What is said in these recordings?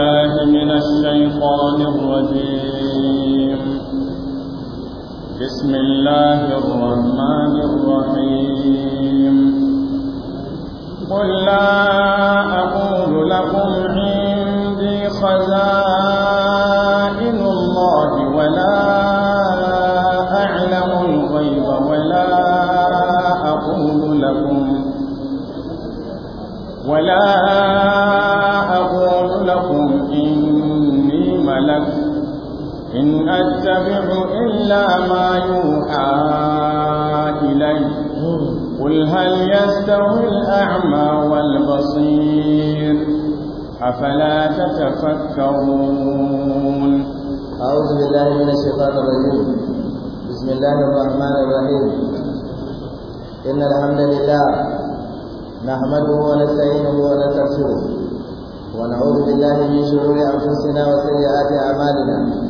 بالله من الشيطان الرجيم بسم الله الرحمن الرحيم قل لا أقول لكم عندي خزائن أتبع إلا ما يوحى إلي قل هل يستوي الأعمى والبصير أفلا تتفكرون أعوذ بالله من الشيطان الرجيم بسم الله الرحمن الرحيم إن الحمد لله نحمده ونستعينه ونستغفره ونعوذ بالله من شرور أنفسنا وسيئات أعمالنا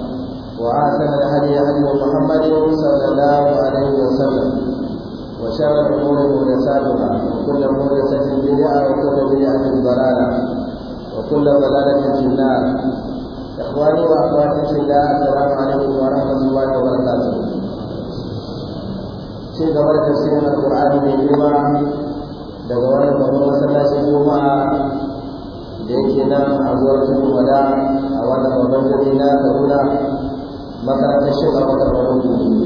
وآخر الهدي هدي محمد صلى الله عليه وسلم وشر الأمور محدثاتها وكل محدثة بدعة وكل بدعة ضلالة وكل ضلالة في النار إخواني وأخواتي في الله السلام عليكم ورحمة الله وبركاته ci gaba تفسير القرآن alƙur'ani mai girma daga wani babban masallacin juma'a da yake nan a zuwa tudun makarantar shi a wata wani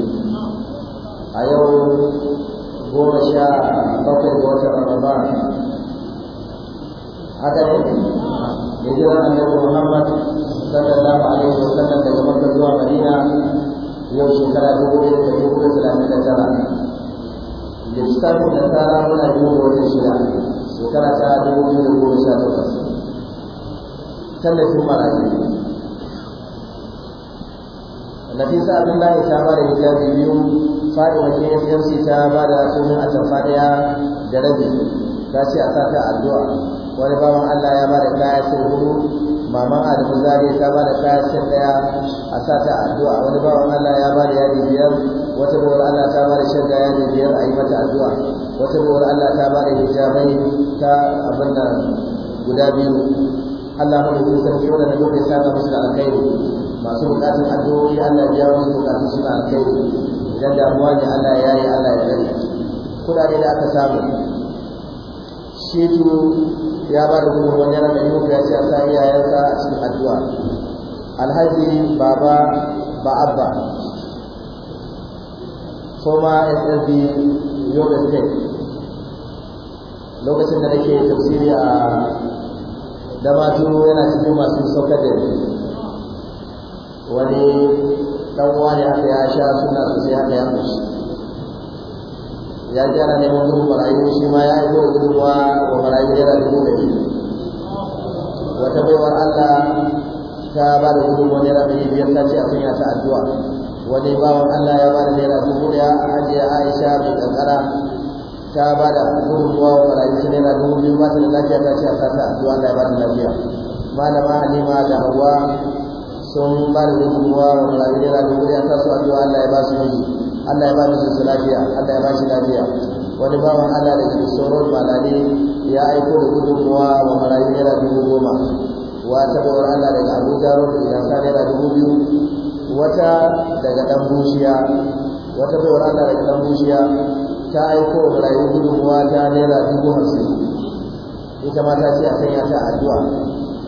a yau goma sha bakwai ga watan ramadan haka ne da jiran annabi muhammad sallallahu alaihi sannan da daga makka zuwa marina yau shekara dubu ɗaya da dubu da talatin da tara da lissafin da tara muna biyu da wata shida shekara ta dubu da goma sha takwas tallafin marayu nafisa abdullahi ta ba da hijabi biyu fadima kfmc ta ba da a atamfa daya da rabi ta ce a sata addu'a wani bawan allah ya ba da kaya sun hudu maman adamu zariya ta ba da kaya sun daya a sata addu'a wani bawan allah ya ba da yadi biyar wata bawar allah ta ba da da yadi biyar a yi mata addu'a wata bawar allah ta ba da hijabai ta abin guda biyu Allah mu da kusa ko da na gobe sa musu da alkhairi masu bukatun addu'o'i Allah ya wani bukatun suna kai idan damuwa ne Allah ya yi Allah ya gani kuɗaɗe da aka samu shetu ya ba da wani yana da yiwu ya ce a sa iyayensa a cikin addu'a alhaji baba ba abba former ssd yoga state lokacin da nake tafsiri a damatu yana cikin masu saukar da wani dan wani haka ya sha suna su sai haka ya mushi ya gyara neman dubu barayi shi ma ya yi zuwa gudunwa wa barayi yana dubu da biyu wata baiwar Allah ta ba da gudunwa naira ɗari biyar ta ce a sanya ta addu'a wani bawan Allah ya ba da naira dubu ɗaya ajiye Aisha mai kankara ta ba da gudunwa wa barayi ta naira dubu biyu ba ta da lafiya ta ce a sata addu'a Allah ya ba da lafiya malama Halima da Hauwa sun ba da gudunmuwa wa marayu yana da wuri a tasu addu'a Allah ya ba su miji Allah ya ba su su lafiya Allah ya ba shi lafiya wani bawan Allah da ke tsoron malade ya aiko da gudunmuwa wa marayu yana dubu goma wata bawar Allah daga Abuja Road idan sa naira dubu biyu wata daga dan bushiya wata bawar Allah daga dan bushiya ta aiko wa marayu gudunmuwa ta naira dubu hamsin ita ma ta ce a ya ta addu'a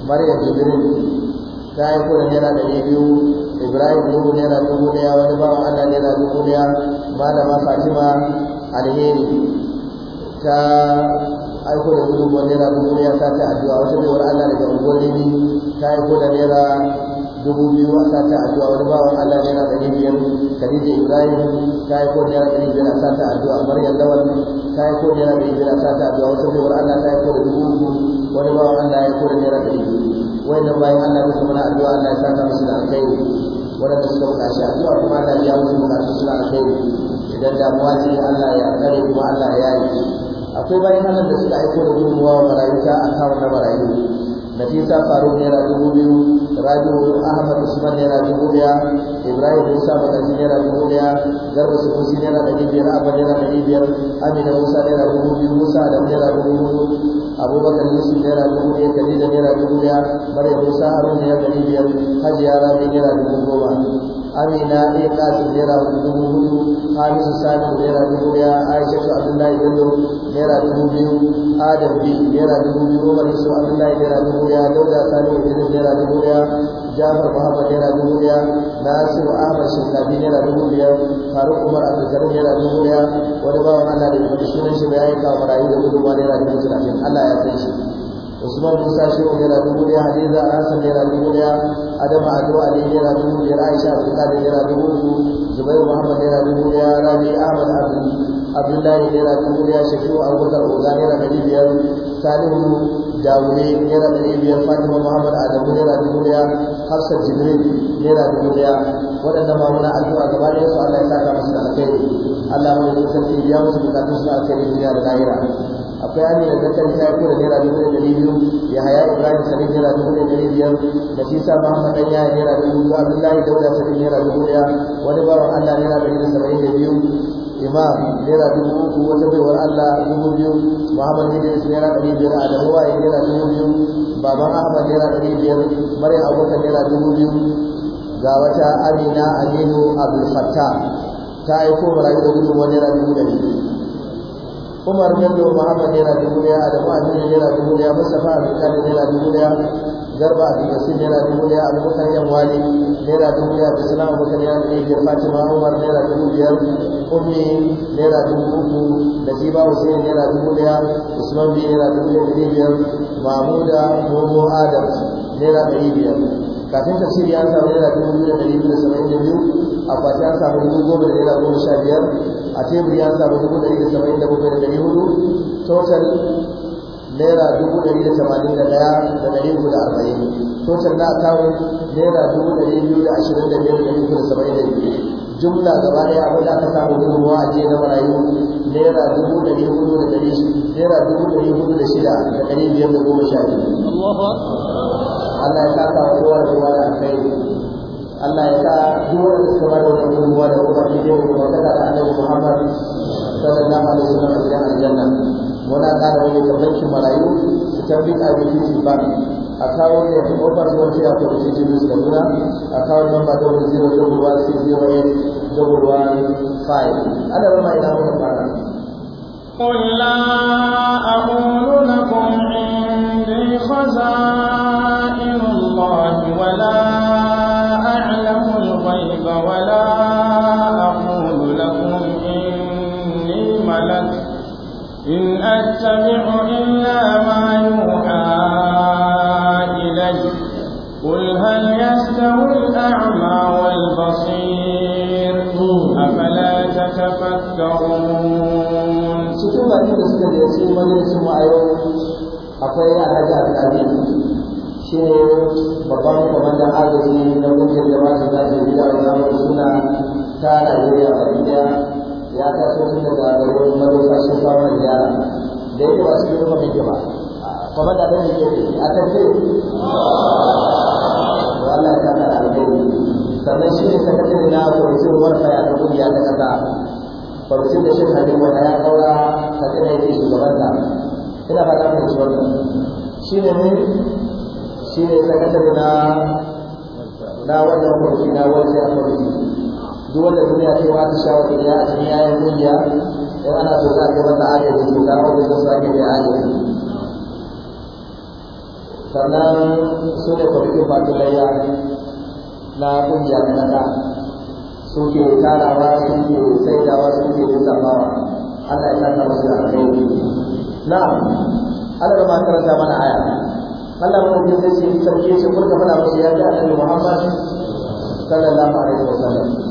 Maryam Jibril shayi kuna naira ɗari biyu ibrahim nuhu naira dubu ɗaya wani bawan allah naira dubu ɗaya ba fatima alheri ta aiko da naira dubu ɗaya ta ta addu'a wata baiwar allah daga ta aiko da naira dubu biyu a sata addu'a wani bawan Allah da biyar Khadija Ibrahim ta yi ko da biyar a Maryam Lawal ta yi ko da biyar a sata addu'a wata Allah ta ko da dubu biyu wani bawan Allah ya yi ko da biyu wannan bayan Allah musu mana addu'a Allah ya saka musu da alkhairi wadanda suka bukaci addu'a kuma Allah ya musu buƙatu suna alkhairi idan damuwa ce Allah ya kare kuma Allah ya yi akwai bayan Allah da suka aiko da ruwa wa marayuka a kawo na marayu Nafisa Faru naira dubu biyu, Rabi'u Ahmad Usman naira dubu ɗaya, Ibrahim Musa Magaji naira dubu ɗaya, Garba Sunusi naira ɗari biyar, Abba naira ɗari biyar, Amina Musa naira dubu biyu, Musa Adam naira dubu hudu, Abubakar Yusuf naira dubu ɗaya, Khadija naira dubu ɗaya, Maryam Musa Harun naira ɗari biyar, Hajiya Rabi naira dubu goma. amina ɗaya kasim naira dubu hudu hamisu sani naira dubu aisha abdullahi bello naira dubu biyu adam b naira dubu biyu umar yusuf abdullahi naira dubu ɗaya dauda sani idris naira dubu ɗaya jafar muhammad naira dubu ɗaya nasiru ahmad naira dubu biyar faruk umar abdulkarim naira dubu wani bawan allah da ya faɗi sunan shi bai aika marayu da gudunmawa naira dubu talatin allah ya kai shi usman musa shehu yana dubu daya hadiza hasan yana dubu daya adama ado ali yana dubu biyar aisha abdulkadir yana dubu biyu zubairu muhammad yana dubu daya rabi ahmad abdullahi yana dubu daya shafi'u abubakar oga yana dari biyar salihu dawude yana dari biyar fatima muhammad adamu yana dubu daya hafsat jibril yana dubu daya waɗanda ma muna addu'a gaba da su allah ya saka musu da alkhairi allah mu da sarki ya musu bukatun su da alkhairi duniya da lahira akwai amina da kan ta kuma naira dubu da dari biyu ya haya ibrahim sani naira dubu da dari biyar da shi sa ba haka ɗanya ya naira dubu biyu abdullahi dauda sani naira dubu ɗaya wani bawan allah naira dari da saba'in da biyu imam naira dubu uku wata baiwar allah dubu biyu muhammad idris naira dari biyar adamu waye naira dubu biyu baban ahmad naira dari biyar maryam abubakar naira dubu biyu ga wata amina aminu abdulfattah ta aiko marayu da gudunmuwar naira dubu da biyu umar bello muhammad yana dubu duniya, adamu aminu yana dubu daya mustapha abdulkadir yana dubu duniya, garba abdulkasir yana dubu daya abubakar yanwani yana dubu duniya, da sana'a abubakar yana dubu biyar fatima umar yana dubu biyar ummi yana dubu uku najiba hussein yana dubu duniya, usman biyu yana dubu da biyar mahmuda momo adams yana biyar kafin tafsir ya samu naira dubu biyu ɗari biyu da saba'in da biyu a kwati ya samu dubu goma da naira goma sha biyar a tebur ya samu dubu ɗari da saba'in da bakwai da ɗari hudu total naira dubu ɗari da tamanin da ɗaya da ɗari uku da arba'in total na akawun naira dubu ɗari biyu da ashirin da biyar da ɗari da saba'in da biyu jumla gaba ɗaya abin da aka samu gudunmuwa a jiya na marayu naira dubu ɗari hudu da ɗari naira dubu ɗari hudu da shida da ɗari biyar da goma sha biyu Allah ya saka wa kowa da kowa da alkhairi Allah ya sa duk wanda suka ba da wani da kuma bidiyo da kuma da annabi Muhammad sallallahu alaihi wasallam wani marayu su tabbata a wuce ba account of open source قل لا أقول لكم عندي خزائن أتبع إلا ما يوحى إلي قل هل يستوي الأعمى والبصير أفلا تتفكرون cikin bakin da suka da su majalisun ma'ayo akwai alhaji abdulaziz shi ne babban kwamandan agaji na kungiyar jama'a da ta gida da zama suna ta najeriya a ya taso tun sun yara da yake ba cikin rufa mai ba kuma da ɗan yake a tafiye to Allah ya alƙawari sannan shi ne sakatare na kwamitin warfaya ta ƙungiya ta ƙasa kwamitin da shin hadin wata ya ƙaura sakatare yake shugabanta ina ba ta fahimci wannan shi ne ne shi ne sakatare na na wannan kwamiti na wancan kwamiti duk wanda duniya ta yi wata shawarar ya a cikin yayin in ana so za ka masa agaji to ga wanda da so ake Da agaji sannan su ne kwamitin fatulayya na ƙungiyar kasa suke tarawa suke saidawa suke lissafawa Allah ya saka musu da alheri na'am Allah ma karanta mana aya Allah mu ne sai shi sauke shi kurka fara musu ya Annabi Muhammad sallallahu alaihi wasallam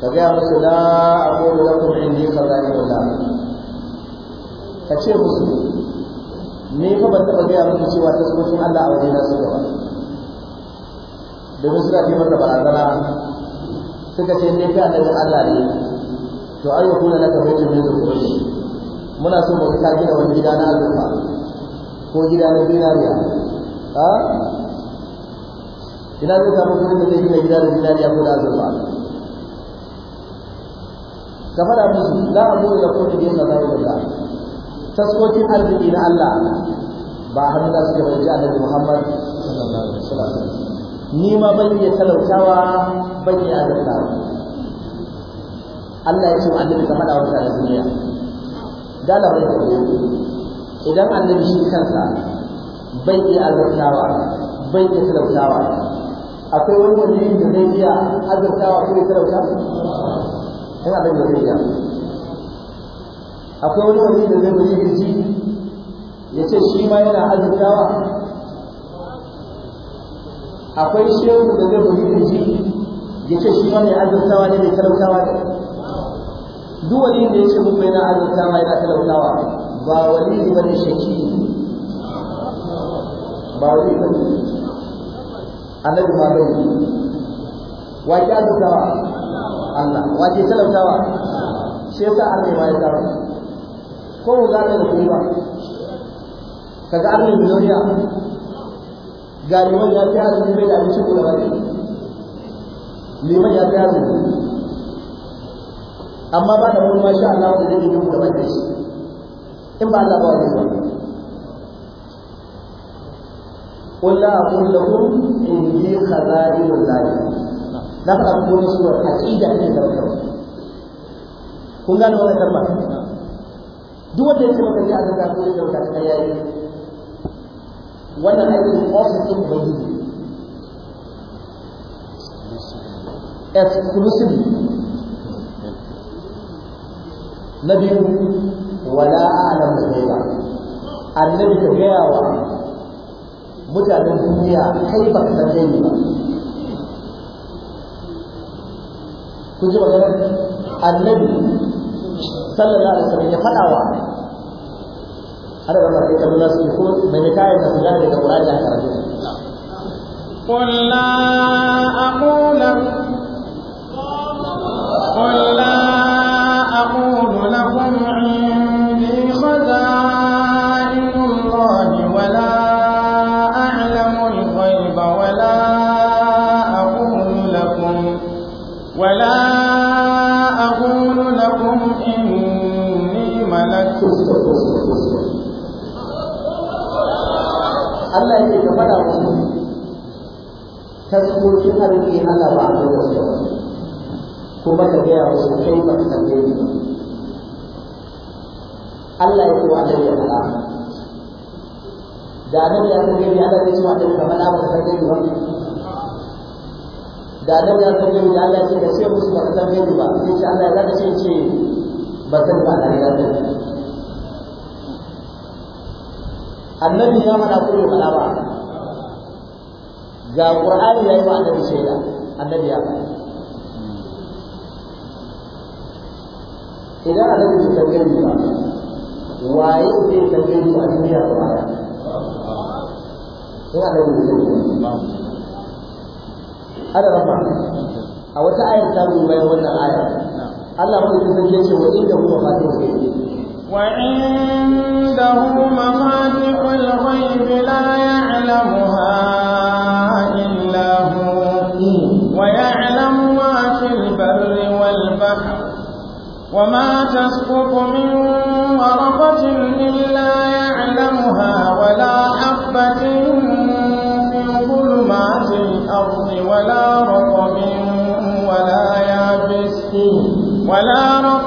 ka gaya musu la ya kaza ne khaza'inullah ka ce musu ni ka ban taɓa gaya musu cewa ta tasbocin Allah a wajena su gaba domin suna fi masa barazana suka ce ne kai annabin Allah ne to ai wa kula laka baitul min zukurus muna so mu ka gina wani gida na azurfa ko gida na zinariya ha ina zai samu kuma da ke gina gida da zinariya ko da azurfa ka faɗa musu la abu ila kulli din la ilaha illa taskokin arziki na Allah ba hannu da suke wajen annabi Muhammad sallallahu alaihi wasallam ni ma ban iya talautawa ban iya azabtawa Allah ya ce wa annabi ka faɗa wa mutane duniya galabar da ku idan annabi shi kansa bai iya azabtawa bai iya talautawa akwai wani wanda da zai iya azabtawa ko ya talauta sai annabi ba zai akwai wani wani da zai yi kirji ya ce shi ma yana azurtawa akwai yau da zai yi kirji ya ce shi ma mai azurtawa ne mai talautawa ne duk wani da ya ce muku yana azurtawa yana talautawa ba wani ba ne shaki ba wani ba ne annabi ma bai wa ke azurtawa Allah wace talautawa shi yasa Allah ya bayar da ko mu za ka da kuma kaga Allah ya zoya ga liman ya fi azumi bai da abinci kula bai liman ya fi azumi amma ba da wani masha Allah da zai yi kula bai shi in ba Allah ba wani ba قل لا أقول لكم إني خزائن الله na faɗa muku wani sura aqida take zama kawai kun gane wannan karma duk wanda yake maka ya ga ko da wata kai yayi wannan aikin ofis din ubangiji exclusive na biyu wala alam da annabi gaya wa mutanen duniya kai ba ka san gaiba ba kun ji maganar annabi sallallahu alaihi wasallam ya faɗa wa har ba sai kamar nasu ko mai kayan da ya daga Qur'ani da karatu قل لا أقول قل لا taskokin arziki Allah ba a kai wasu kuma ka gaya wasu kai ba ka tambaye ni Allah ya ce wa ya faɗa da annabi ya san ya ce wa annabi ka faɗa ba ka gani ba da annabi ya san gani Allah ya ce ka ce musu ba ka san gani ba sai ce Allah ya zaka ce ce ba san ba da ya san annabi ya faɗa ko ya ba ga ya yi ma annabi shaida annabi ya faɗa idan annabi bai tafiyar ba waye zai tafiyar a duniya ko a ina da ba ana rafa a wata ayar ta mu bayan wannan aya Allah mu yi sake shi wa inda kuma fatihu wa indahu mafatihul ghaib la ya'lamuha ويعلم ما في البر والبحر وما تسقط من ورقة إلا يعلمها ولا حبة في ظلمات الأرض ولا رقم ولا يابس ولا رقم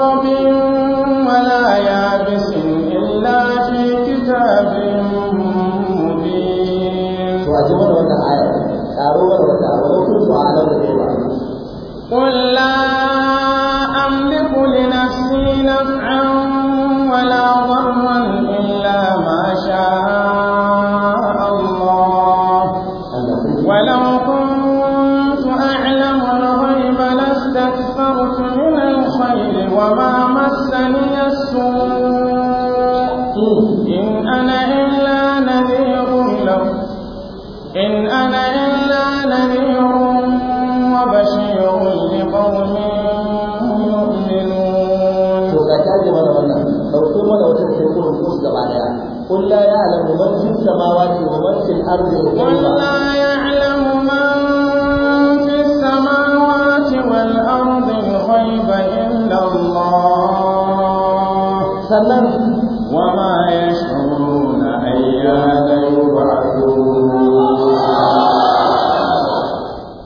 gaba daya qul la ya'lamu man fis samawati wa man fil ardi qul la ya'lamu man fis samawati wal ardi ghaiba illa Allah sannan wa ma yash'uruna ayyana yub'athun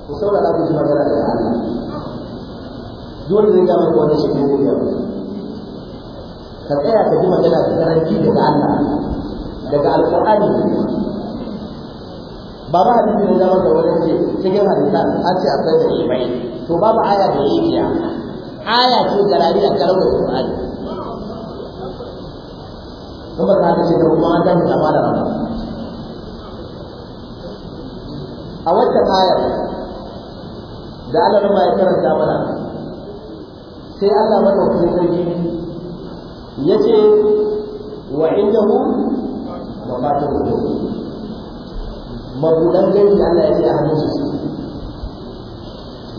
ku saurara ku ji magana da Allah dole ne ga mai wannan shi ne ka tsaya magana ta karanci daga Allah daga alƙur'ani ba ba hadisi ne zama da wani ce cikin hadisan an ce akwai da shi bai to babu aya da shi biya aya ce garari a karar da alƙur'ani kuma ba ta ce da kuma an gani da da ba a wata ayar da Allah ya karanta mana sai Allah madaukakin sarki yace wa indahu mafatu mabudan gari Allah ya ce a hannun su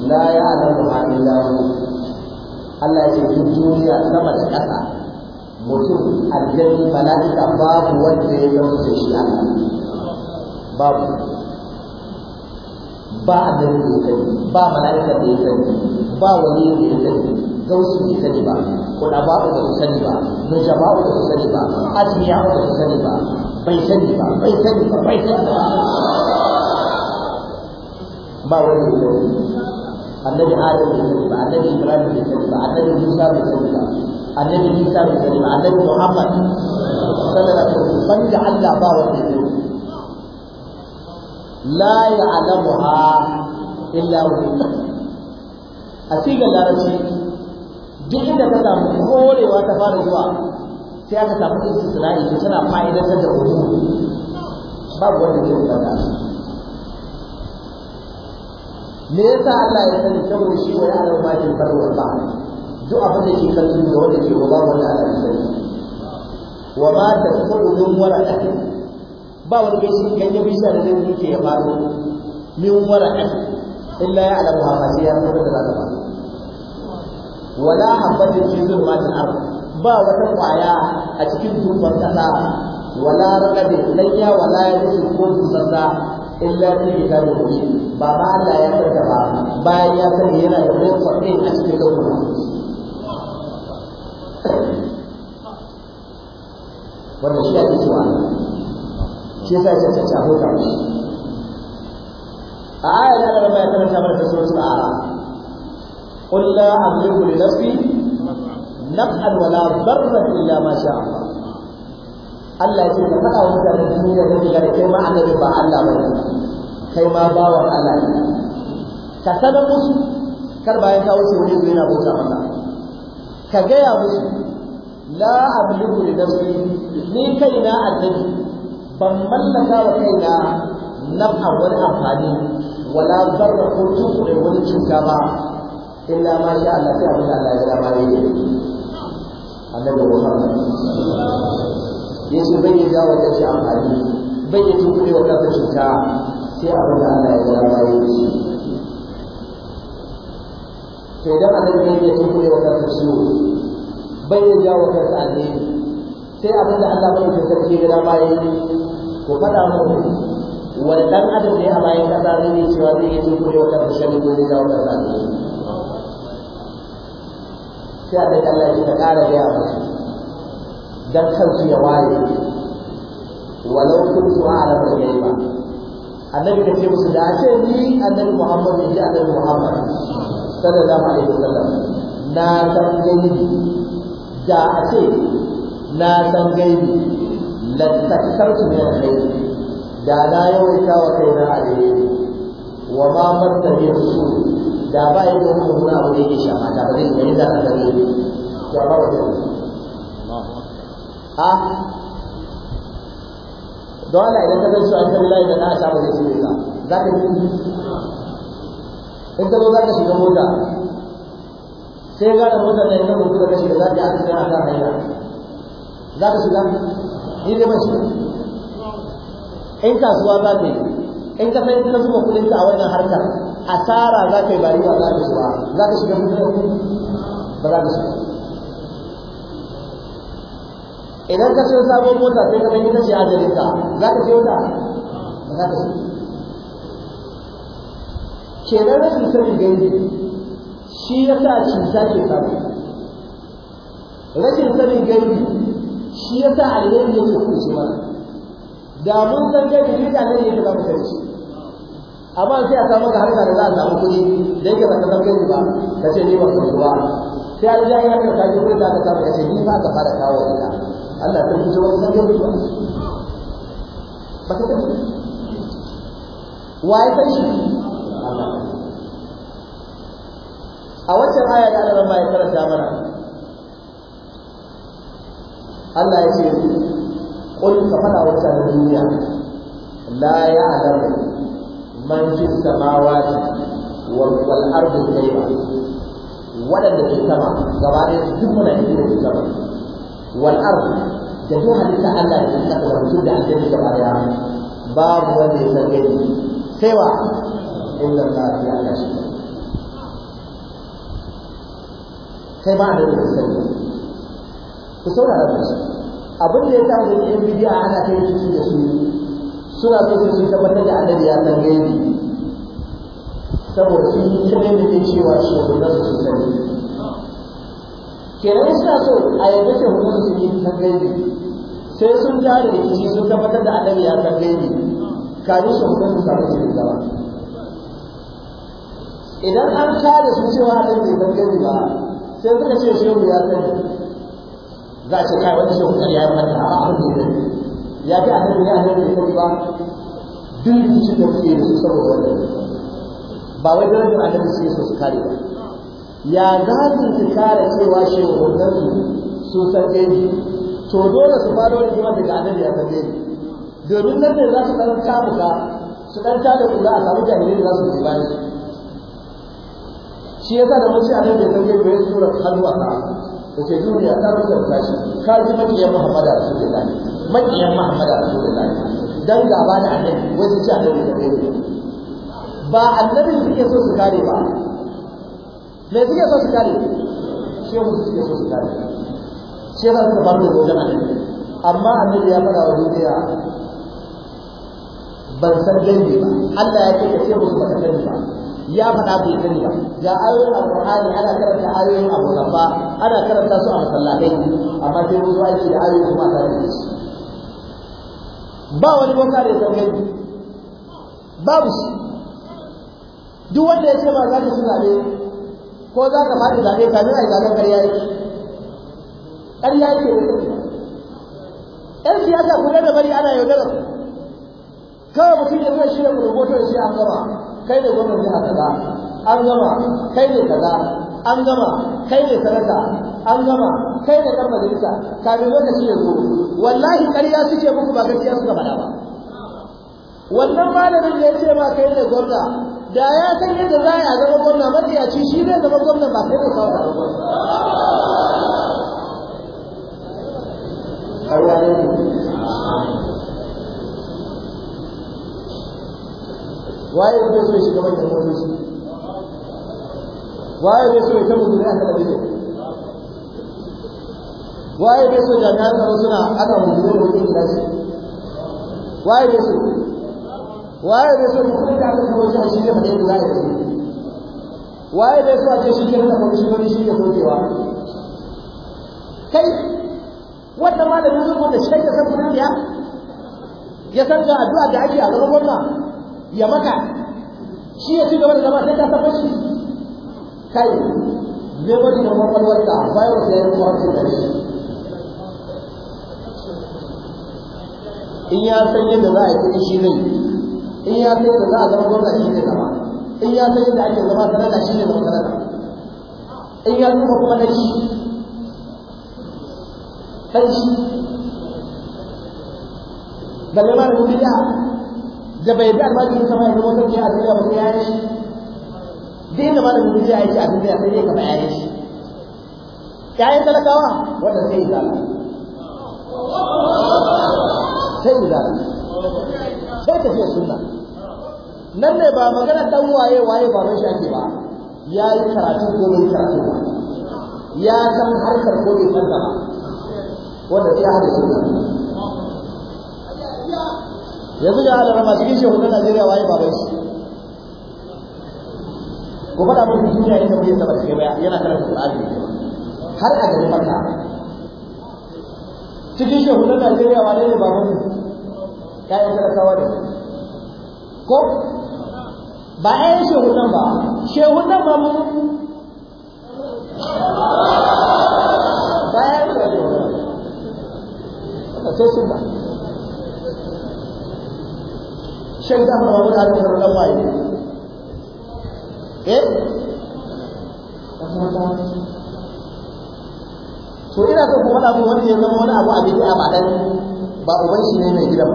la ya alamu illa hu Allah ya ce duk duniya sama da ƙasa mutum aljanni mala'ika babu wanda ya san sai shi Allah babu ba da ya ba mala'ika da ya ba wani da ya gausu bai sani ba kulaba'u ba su sani ba nujaba'u ba su sani ba ajiya ba su sani ba bai sani ba bai sani ba bai sani ba ba wani ne annabi adam bai sani ba annabi ibrahim bai sani ba annabi musa bai sani ba annabi isa bai sani ba annabi muhammad sallallahu alaihi wasallam banda allah ba wani ya sani la ya'lamuha illa huwa a cikin larabci duk inda ka samu korewa ta fara zuwa sai aka samu istisna'i to tana fa'idatar da wani babu wanda ke bukata me yasa Allah ya sani saboda shi wa ya ma fil barri wal bahr duk abin da ke kan da wanda ke ruwa wanda Allah ya sani wa ma tasqutu min waraqatin ba wani gaishe ganye bisha da zai yake ya faru min waraqatin illa alama ma sai ya san da ba wala habatin fi al ard ba wata kwaya a cikin zurfar kasa wala raqabi layya wala yadin ko sassa illa fi kitabin mubin ba ba Allah ya saka ba bayan ya saka yana da kofar din a cikin lokacin wannan shi ake cewa shi yasa ya ta hota a ayyana da Allah ya karanta mana ta suratul a'raf قل لا أملك لنفسي نفعا ولا ضرا إلا ما شاء الله Allah ce ka faɗa wa mutanen duniya da shiga da kai ma annabi ba Allah ba kai ma bawan Allah ne ka sanar musu kar ba ya kawo wuce wuri yana bauta maka ka gaya musu la amliku li nafsi ni kaina annabi ban mallaka wa kaina naf'a wani amfani wala zarra ko tuku da wani cuta ba illa ma sha Allah sai abin da Allah ya dama yi annabi Muhammad Yesu bai yi dawo da shi amfani bai yi tunkure wata kafa cuta sai abin da Allah ya dama yi to idan annabi ne tunkure wata wa bai yi dawo da kansa alheri sai abin da Allah bai yi sarki da dama yi ko faɗa mu wani dan adam da ya a bayan ƙasa zai cewa zai yi tukure wa kafa ciwo ko zai dawo da kansa alheri sai a daga Allah ya ƙara gaya musu dan kansu ya waye walau kuntu a'lamu al-ghaiba annabi da ke musu da ce ni annabi Muhammad ne annabi Muhammad sallallahu alaihi wasallam na san gaibi da a ce na san gaibi lantakartu min al-ghaibi da na yawaita wa kaina a gaibi wa ma mattabi rasul da ba ya da wani mummuna abu da yake shama ta ba zai da ni za ka gani da ba wa a don Allah idan ka san cewa ita da na sha ba zai shige ka za ka yi in ka zo za ka shiga mota sai ga da mota da ina mutu da ka shiga za ka yi asirin a kan hanya za ka shiga ni ne ba shiga in kasuwa ba ka yi in ka san na zuba kudinka a wannan harkar asara za ka yi bari ba za ka shiga za ka shiga mutuwa ba za ka shiga idan ka siyo sabon mota sai ka mai ita ce ajalinka za ka siyo ta ba za ka siyo kenan rashin sani gani shi ya sa cuta ke samu rashin sanin gani shi ya sa alheri yake kuce mana da mun san gani duk alheri yake za mu sani amma sai a samu ka harka da za a samu kuɗi da yake ba ta san kai ba ta ce ni ba ka ruwa sai an ja ya ka ji kuɗi ka samu ka ce ni ba ka fara kawo ita Allah ta fito wani san kai ba ba ta sani wa ya san shi a wancan aya da Allah ba ya karanta mana Allah ya ce قل فقد أوسع الدنيا لا يعلم man fi samawati wal ardi kayfa wadanda ke sama gaba da duk muna yi da sama wal ardi da duk halitta Allah da ke da wato da aljanna gaba da babu wanda ya san gani sai wa illa Allah ya Allah shi sai ba da sani ku saurara da shi abin da ya tafi da yan bidiya ana kai da su suna so su sun tabbatar da annabi ya san gaibi saboda sun yi ta ne cewa shi ne na su sani kenan suna so a yadda ta hudu su yi san gaibi sai sun da rikici sun tabbatar da annabi ya san gaibi kafin su hudu su samu su gaba idan an tare su cewa annabi ya san gaibi ba sai suka ce shehu ya sani za a ce kai wani shehu ya yi mata a abin da ya ya ji annabi ya da ya sani ba duk rikicin da suke da su saboda wannan ba wai da wannan annabi sai so su kare ba ya za su kare cewa wannan su san gani to dole su faro wani kima daga annabi ya san ne. domin nan da za su ɗan kamuka su ɗan da kula a samu jami'ai da za su zuba da su shi yasa da wasu annabi ya san gani bai tura hannu a sa'a da ke duniya ta rubuta shi ka ji da su a rasulullah makiyan Muhammad Rasulullah dan gaba da annabi wai ci annabi da dole ba annabi suke so su kare ba me suke so su kare shehu suke so su kare shehu suka zama da wajen annabi amma annabi ya fada wa duniya ban san gani ba Allah ya ce ka ce musu baka gani ba ya faɗa bai gani ba ga ayoyin alqur'ani ana karanta ayoyin abu ana karanta su a masallatai amma sai mun zo aiki da ayoyin kuma ta shi. ba wani boka da ya san ba babu shi duk wanda ya ce ba za ka ci zaɓe ko za ka faɗi zaɓe kamin a yi zaɓen ƙarya yake ƙarya yake ‘yan siyasa ku da bari ana yaudarar kawai mutum ya zai shirya kuruboto da shi an gama kai ne gwamnati a kaza an gama kai ne kaza an gama kai ne sanata an gama kai da ɗan majalisa kafin lokaci yanzu wallahi ƙarya ce muku ba gaskiya suka faɗa ba wannan malamin da ya ce ma kai ne gwamna da ya san yadda za a zama gwamna matsiyaci shi ne zama gwamna ba kai ne kawai waye ne so ya shiga mai waye ne so ya kama da ta waye dai so jami'an tsaro suna aka mummuni mutum gida shi waye dai so waye dai so mutum da aka kawo shi a shirya mutum da za a yi waye dai so a ce shi ke nuna kwamishinoni shi ke kokewa kai wannan malamin zuwa da shi ya ka san kudin biya ya san ga addu'a da ake a gaban gwamna ya maka shi ya ci gaba da zama sai ka tafi shi kai memory da kwakwalwarka virus ya yi kwakwalwarka in ya san yadda za a yi shi zai in ya san yadda za a zama gwamna shi zai zama in ya san yadda ake zama sanata shi ne zama sanata in ya kuma kuma na shi kan shi da kuma ya da bai bi almajiri sama yadda zama ke a duniya ba sai ya yi shi duk ma da bidiya ya shi a duniya sai dai ya yi shi ya yi talakawa wanda sai ya zama sai izala sai tafiyar sunna nan ne ba magana dan waye waye ba mai shaki ba ya yi karatu ko bai karatu ba ya san harkar ko bai san ba wanda sai hada sunna yanzu da hada rama cikin shehu na Najeriya waye ba ran shi ko faɗa mun duniya inda bai ba cikin baya yana karanta Qur'ani har a garin Makka cikin shehu na Najeriya wane ne baban mu ƴaƴan talakawa da ko ba shehunan ba shehunan ba mu ba shehu nan ba sai sun ba shan da ba mu da kan da wai eh to ina so ku faɗa mu wanda ya zama wani abu a bid'a ba dan ba uban shi ne mai gidan ba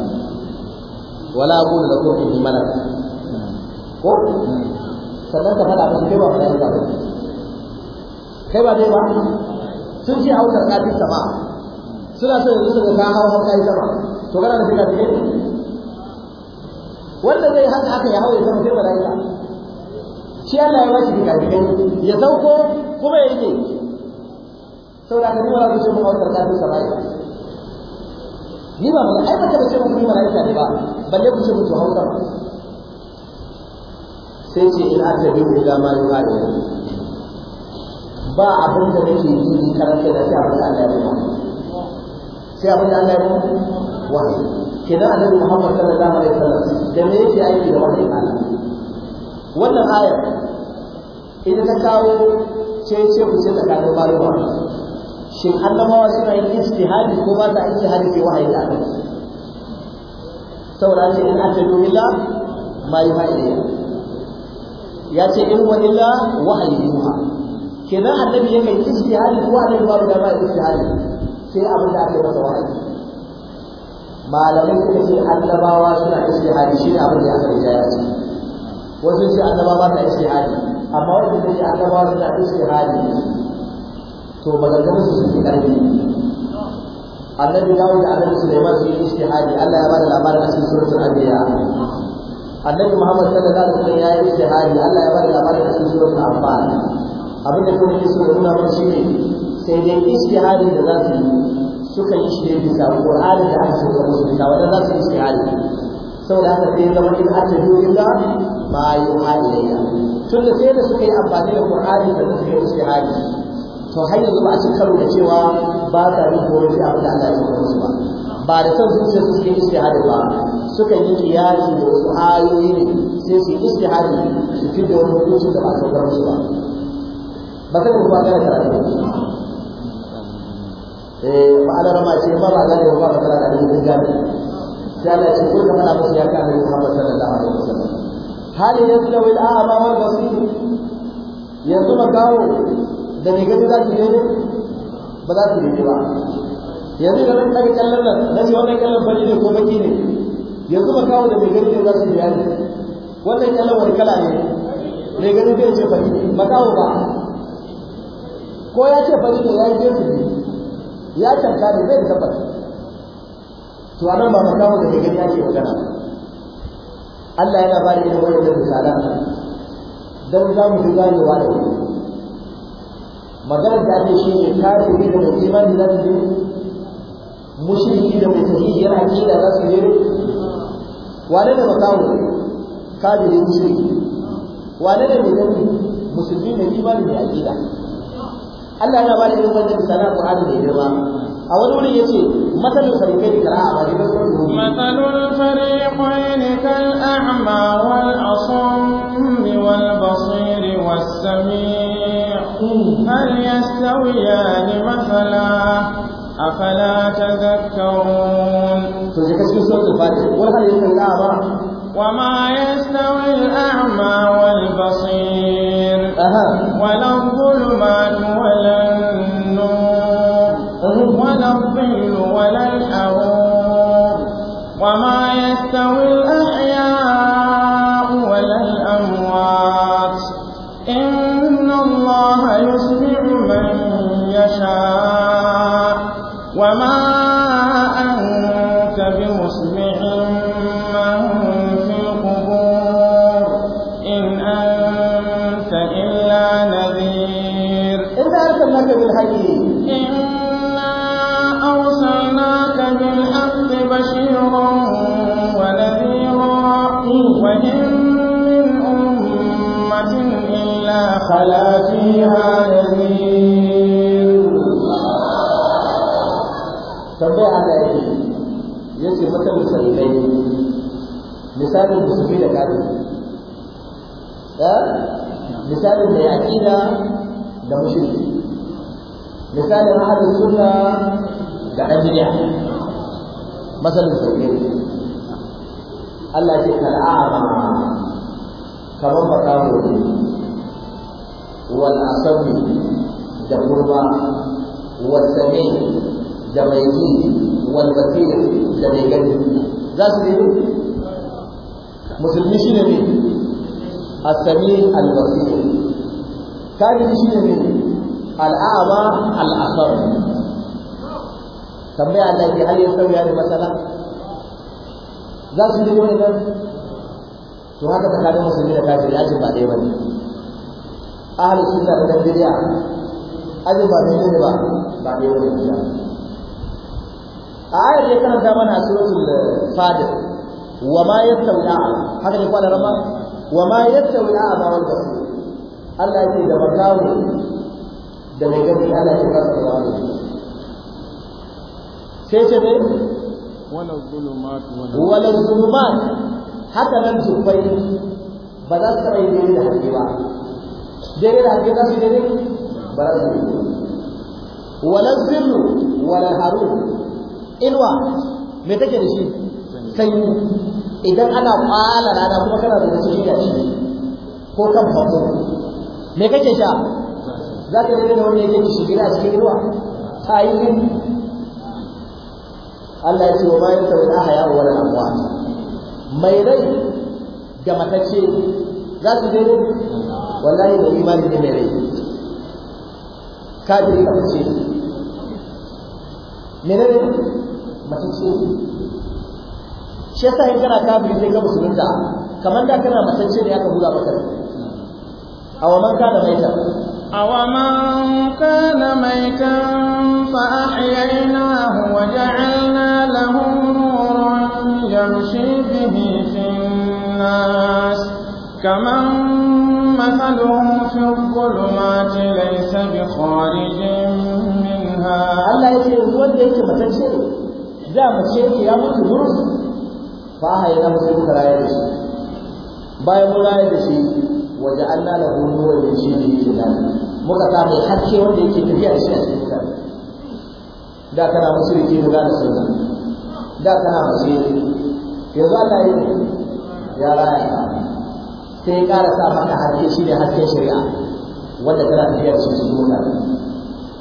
wala aqulu kuma inni mana ko sannan ka faɗa musu kai bayan zaɓe ba kai ba dai ba sun ce hau karkatin sama suna so yanzu daga ka hau hau kai sama to kana da fika fike wanda zai haka aka yi hau ya zama sai malaika shi Allah ya ba shi fika fike ya sauko kuma ya yi ne da ka ji wala ku hau mu hau sama ya ni ba mai aikata da cewa ni mala'ika ne ba balle ku ce mutu hausa sai ce in aka bi ga mai yuha ne ba abin da nake yi ni karanta da sai abin da Allah ya ba sai abin da Allah ya ba wahayi kenan annabi Muhammad sallallahu alaihi wasallam da me yake aiki da wani Allah wannan ayar idan ta kawo ce ce ku ce tsakanin ba wahayi shin annabawa suna yin ijtihadi ko ba ta ijtihadi sai wahayi da aka saboda ce in aka domin illa ma yi haɗe ya ce in wa illa wahayi yuha kenan annabi yakan ijtihadi ko annabi babu dama ijtihadi sai abin da aka yi masa wahayi malamai suka ce annabawa suna ijtihadi shi ne abin da aka riga ya ce wasu ce annabawa ba ta ijtihadi amma wanda suka ce annabawa suna ijtihadi to maganganun su suke ƙarfi annabi dawo da annabi Sulaiman su yi ishtihadi Allah ya bada labarin a cikin suratul anbiya annabi Muhammad sallallahu alaihi wasallam ya yi ishtihadi Allah ya bada labarin a cikin suratul anfal abin da kuma yake nuna mana shine sai dai ishtihadi da za su yi suka yi shi bisa Qur'ani da aka sauka musu bisa wannan za su yi ishtihadi saboda haka sai ya zama in aka biyo illa ma yuha ilayya tunda sai da suka yi amfani da Qur'ani da suka yi ishtihadi to har yanzu ba a cikin karo da cewa ba ta yi horo shi abin da Allah ya wasu ba ba da son sun su suke istihadi ba suka yi kiyasi da wasu ayoyi ne sai su yi istihadi su fi da wani hukunci da masu saukar su ba ba ta karatu eh ba ala rama ce ba ba gane ba da sai Allah ce ko ka fara musu ya kana Muhammad sallallahu alaihi wasallam yanzu yaslawi al-a'ma wal basir yanzu ba kawo da mai gani za su daidai ba za su daidai ba yanzu da nan ɗaga kallon nan na ce wannan kallon fari ne ko baki ne yanzu ba kawo da mai gani ne za su bayani wannan kallon wani kala ne mai gani zai ce fari ba kawo ba ko ya ce fari ne ya yi jesu ne ya canka ne zai tabbata to a nan ba ba kawo da mai gani ya ce magana Allah yana ba da irin da misalan dan za mu fi ganewa da wani maganar da ake shi ne kafiri da mai da za su je mushriki da mai tahiyar aqida za su je wane ne makawo kafiri mushriki wane ne mai dani musulmi ne imani da aqida Allah yana ba da irin wannan misalan Qur'ani da girma a wani wuri yace matalul fariqaini kal a'ma ne basu rubu matalul fariqaini kal a'ma wal asam wal basir was sami هل يستويان مثلا أفلا تذكرون وما يستوي الأعمى والبصير ولا الظلمات ولا misalin musulmi da kafiri misalin mai aƙida da mushriki misalin ahlus sunna da ɗan bid'a masalin sauƙi Allah ce kal'ama kamar makamu wal asabi da kurma wal sami da mai yi wal basir da mai gani za su yi musulmi shi ne a sami albasir kafiri shi ne al'a'ama al'asar tambaya Allah ke hali sauya da matsala za su yi wani nan to haka tsakanin musulmi da kafiri ajin ba ɗaya ba ne ahalin sunna da kafiriya ajin ba ɗaya ne ba ba ɗaya ba ne a ayar ya karanta mana a suratul fadil wa ma yastawi a'ma haka ne kwala rama wa ma da makawo da mai gani Allah yake ba su wani sai ce ne wala zulumat ba za su tsaye da haske ba daidai da haske za su ba haru ilwa me da shi sanyi idan ana kwala rana kuma kana da cikin shi ko kan fako me kake sha za ka yi da wani yake shi gina cikin ruwa ta yi Allah ya ce wa bayan tawai ahaya wa wani abuwa. mai rai da matacce za su dai wallahi da imani ne mai rai kafiri ka ce menene matacce shi yasa in kana kafiri sai ka musulunta kamar da kana matacce ne aka hura maka awa man kana maita awa man kana maita fa ahyaynahu wa ja'alna lahu nuran yamshi bihi fin nas kaman مثله في الظلمات ليس بخارج منها الله يجي يقول لك متى شيء ذا يا مكروه a hayna musu muka rayar da shi bayan mun rayar da shi waje an nana hudu wanda ya ce ne ke nan muka ta mai haske wanda yake tafiya da shi a cikin kan da kana musu rike da gane sunna da kana mace yanzu Allah ya yi ya raya ta sai ya ƙara sa maka haske shi ne hasken shari'a wanda tana tafiya da shi cikin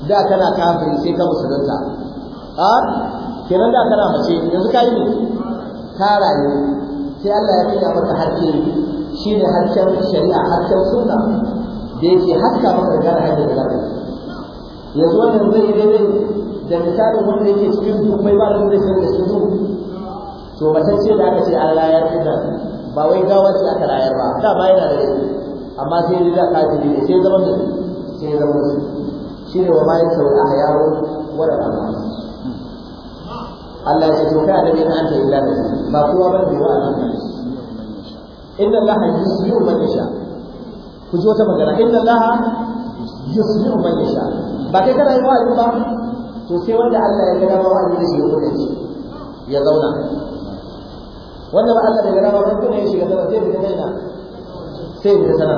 Da da kana kafin sai ka musulunta a kenan da kana mace yanzu ka yi ne ta sai Allah ya sanya maka haske shi ne hasken shari'a hasken suna da yake haska maka gane hanyar da zaka yanzu wannan zai yi daidai da misalin wanda yake cikin dubbai ba da zai da su to mutum ce da aka ce an rayar da ba wai gawar da aka rayar ba da ba yana da laifi amma sai ya da kafiri ne sai zama da sai zama da shi ne wa bayan sauri a yaro wadda ba Allah ya ce to kai annabi in anta illa nabi ba kowa ba ne wa annabi inna Allah yusmi'u man yasha ku ji wata magana inna Allah yusmi'u man yasha ba kai kana yi wa'azi ba to sai wanda Allah ya gada wa wa'azi da shi lokaci ya zauna wanda ba Allah bai gada ba kuma ya shiga sana sai fita ina sai fita sana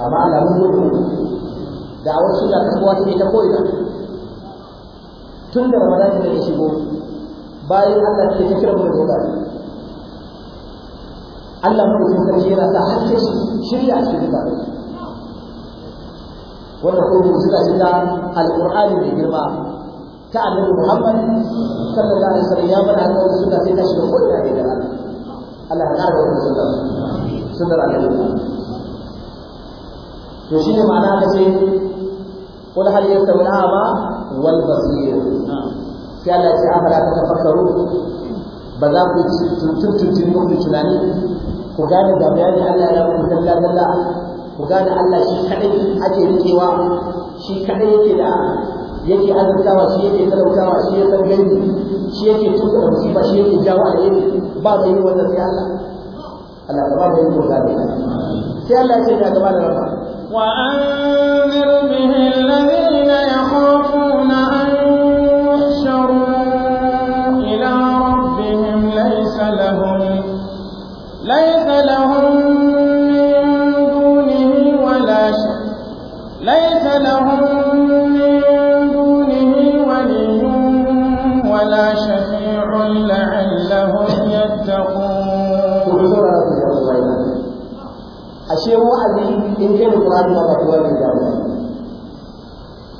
amma alamun gudu da wasu da kafuwa take ta koyi tun da ramadan ne ya shigo bayan Allah ke ta kira mu da dogara Allah mu da sarki yana sa har sai shirya a cikin da wannan ko mu suka shiga alqur'ani da girma ta annabi Muhammad sallallahu alaihi wasallam ya bada ta suka sai ta shiga kowa da Allah Allah ya kara wannan sunna sunnar annabi to shine ma'ana kace قل هل يستوي الأعمى wal basir sai Allah ya afara ta tafakkaru ba za ku tuntuntun muku tunani ku gane da bayani Allah ya ku dalla ku gane Allah shi kadai ake rikewa shi kadai yake da yake shi yake talautawa shi ya san shi yake tuka da shi yake jawo a yake ba mai yi wannan ya gaba da وأنذر به الذين يخافون أن يحشروا إلى ربهم ليس لهم ليس لهم من دونه ولا شيء ليس لهم من دونه ولي ولا شفيع لعلهم يتقون. أشياء وعدي in kai Qur'ani ba kowa ne da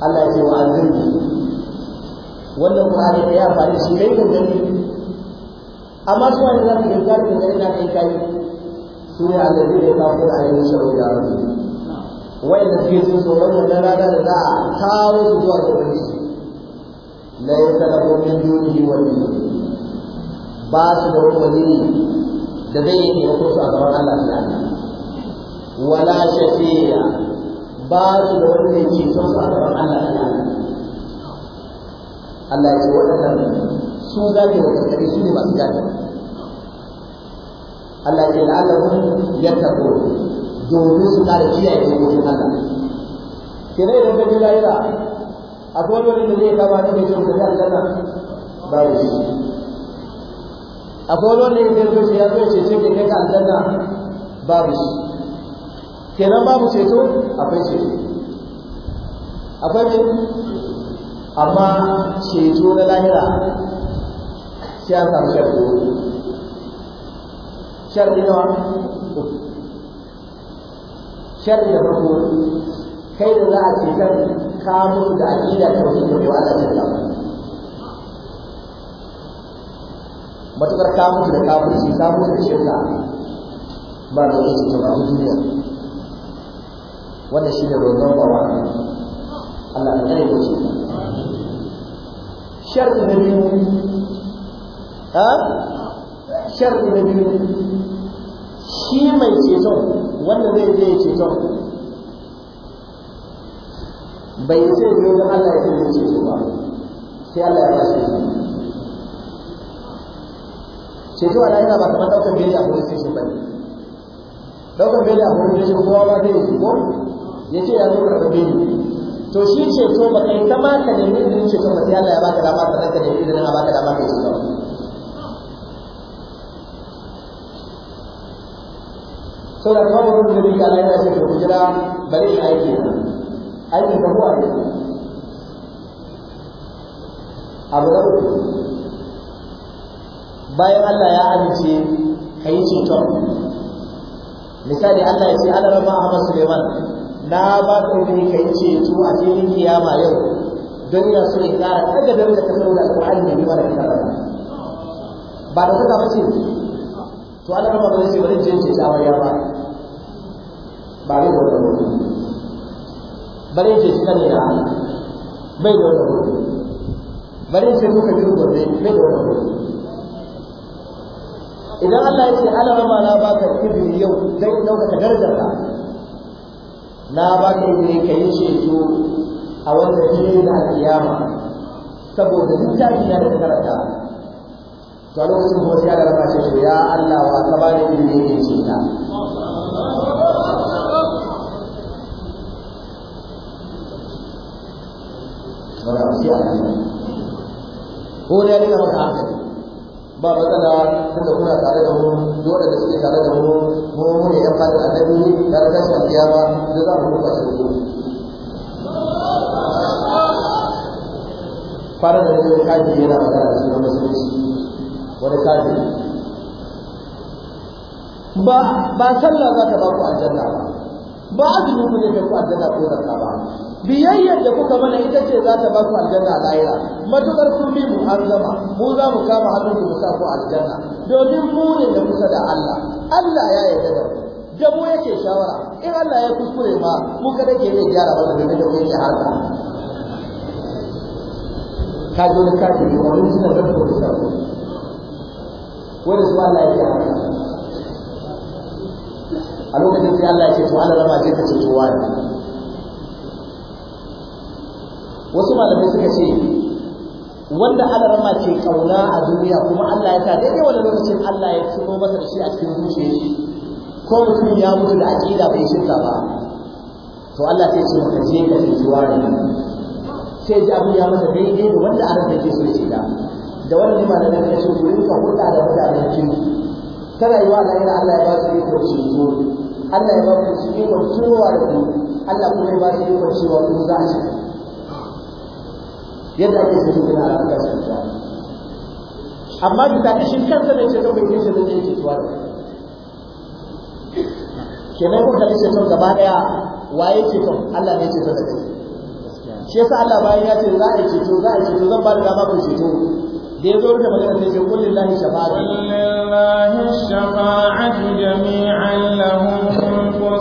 Allah ya ce wa azumi wannan Qur'ani da ya fara shi kai kan gani amma su wani za su yi kar da gani na kai kai su ne annabi da ya kawo a yin shawo da wai da suke so tsoron wannan rana da za a kawo su zuwa da wani na la yasalamu min dunihi wali ba su da wani da zai yi ne taimako su a gaban Allah subhanahu wala shafiya ba da wanda ya ce son sa Allah ya Allah ya ce su za ka kare su ne masu gane Allah ya ce la'allahum yattaqun domin su kare kiyaye dokokin Allah kire da kaje lahira akwai wani da zai ne da jin da aljanna ba shi akwai wani da babu kenan babu ceto akwai ceto akwai ne amma ceto na lahira sai an samu sharɗi sharɗi nawa sharɗi da farko kai da za a kan kamun da aƙida tauhid da yawa ana cetar matuƙar kamun da kamun shi kamun da shirka ba da yake cewa duniya wannan shine roƙon bawa Allah ka kare shi sharri da biyu ha sharri da biyu shi mai ceton wanda zai je ya ceton bai ce ne da Allah ya ce ceto ba sai Allah ya kashe shi ceto a rayuwa ba kamar ɗaukar beli a police station ba ne ɗaukar beli a police station kowa ba zai ko ya ce ya zo karɓar beli to shi to ba kai kama ka nemi izinin ceto ba sai Allah ya baka dama sannan ka nemi izinin a baka dama kai ceto sau da kawo wani zuri ka lafiya ce to jira bari in aiki aiki ba kuwa ne abu na uku bayan Allah ya amince ka yi ceton misali Allah ya ce Allah rama Ahmad Suleiman na ba ka wani ka yi tu a cikin kiyama yau don ya so ya kara daga don da ka saura alƙur'ani ne ba da kira ba ba da saka bace to Allah rama ba zai ce bari jin ceto amarya ba ba ne da wani bari ce shi kan yana bai da wani bari ce muka yi gobe bai da wani idan Allah ya ce ana rama na ba ka izini yau zai ɗaukaka darajar ka na ba ka ne ka yi ceto a wannan filin na kiyama saboda littafi da karanta to a lokacin kuma sai da ba ce ya Allah wa ka ba ni ilimi ne ce ta ko ba matsala tunda kuna tare da mu duk da suke tare da mu mu mu ne yan fatan annabi da ta tashi alkiyama da za mu kuma shi ku fara da wani kaji yana magana da sunan musulunci wani kaji ba ba sallah za ta ba ku aljanna ba azumi ku ne kai ku aljanna ko zakka ba biyayyar da kuka mana ita ce za ta ba ku aljanna a lahira matuƙar kun bi mu an gama mu za mu kama hannun ku mu sa ku aljanna domin mu ne da kusa da Allah Allah ya yi daga da mu yake shawara in Allah ya kuskure ma mu kada ke ne gyara ba da da wani harka ka zo da kaji ne wani suna da kuma da wani zuwa Allah ya harka a lokacin sai Allah ya ce to Allah rama je ka ce to wani wasu malamai suka ce wanda alarma ke kauna a duniya kuma Allah ya sa daidai wani lokacin Allah ya tuno masa da shi a cikin zuciyar shi ko mutum ya mutu da aqida bai shirka ba to Allah sai ce maka je ka ji wani sai ji abu ya masa daidai da wanda alarma ke so shi da da wanda malamin ya so ku rinka hulɗa da mutanen kirki ta rayuwa da ina Allah ya ba su iko ci zo Allah ya ba ku iko tuwa da ku Allah kuma ya ba su iko wa ku za a ci yadda ake sanin gina a kan su sha amma da kashin kansa ne shaitan bai kishi da yake tuwa da kenan kun kalli shaitan gaba daya waye ceton Allah ne ceton da kai shi yasa Allah bayan ya ce za a ceto za a ceto zan ba da dama ku ceto da ya zo da magana sai ce qul lillahi shafa'atu lillahi shafa'atu jami'an wal